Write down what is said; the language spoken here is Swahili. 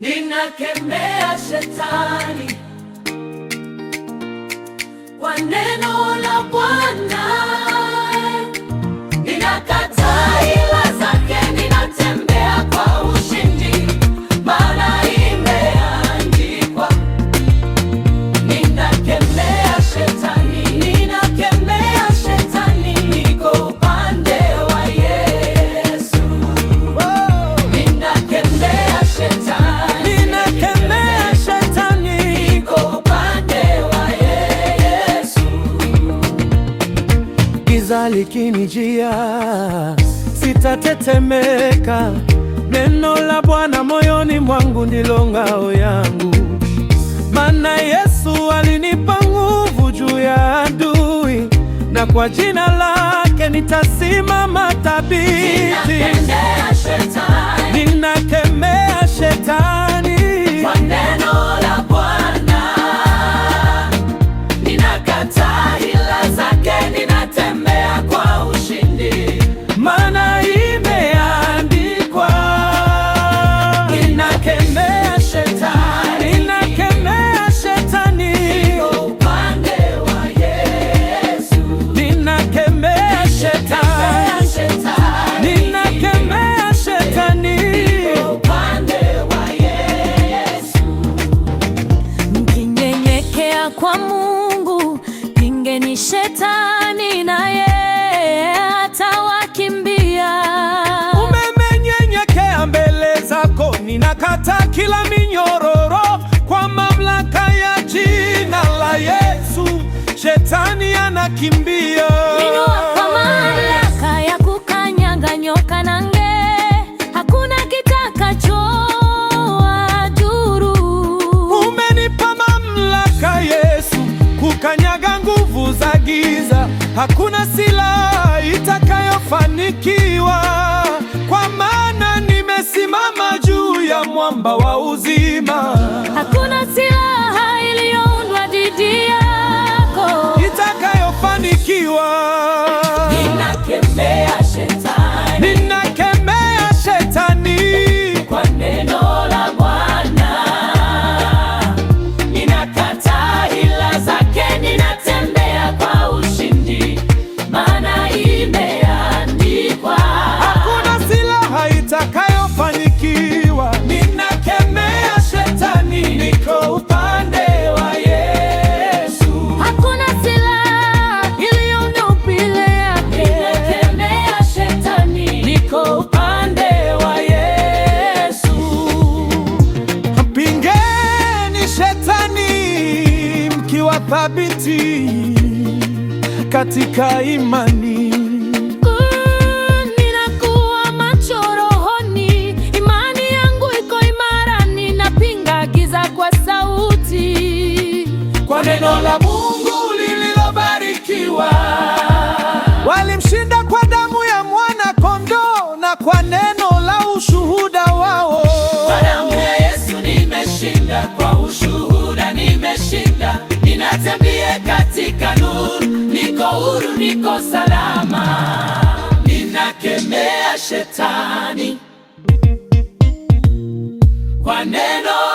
Ninakemea shetani kwa neno la Bwana. giza likinijia, sitatetemeka. Neno la Bwana moyoni mwangu ndilo ngao yangu, maana Yesu alinipa nguvu juu ya adui, na kwa jina lake nitasimama thabiti. Ninakemea shetani, Nina ni shetani naye atawakimbia. Umemenyenyekea mbele zako, ninakata kila minyororo kwa mamlaka ya jina la Yesu, shetani anakimbia. giza, hakuna silaha itakayofanikiwa, kwa maana nimesimama juu ya mwamba wa uzi thabiti katika imani. imani yangu iko imara, giza kwa sauti, kwa neno la Mungu lililobarikiwa. Walimshinda kwa damu ya mwana kondoo na kwa neno niko salama, ninakemea shetani kwa neno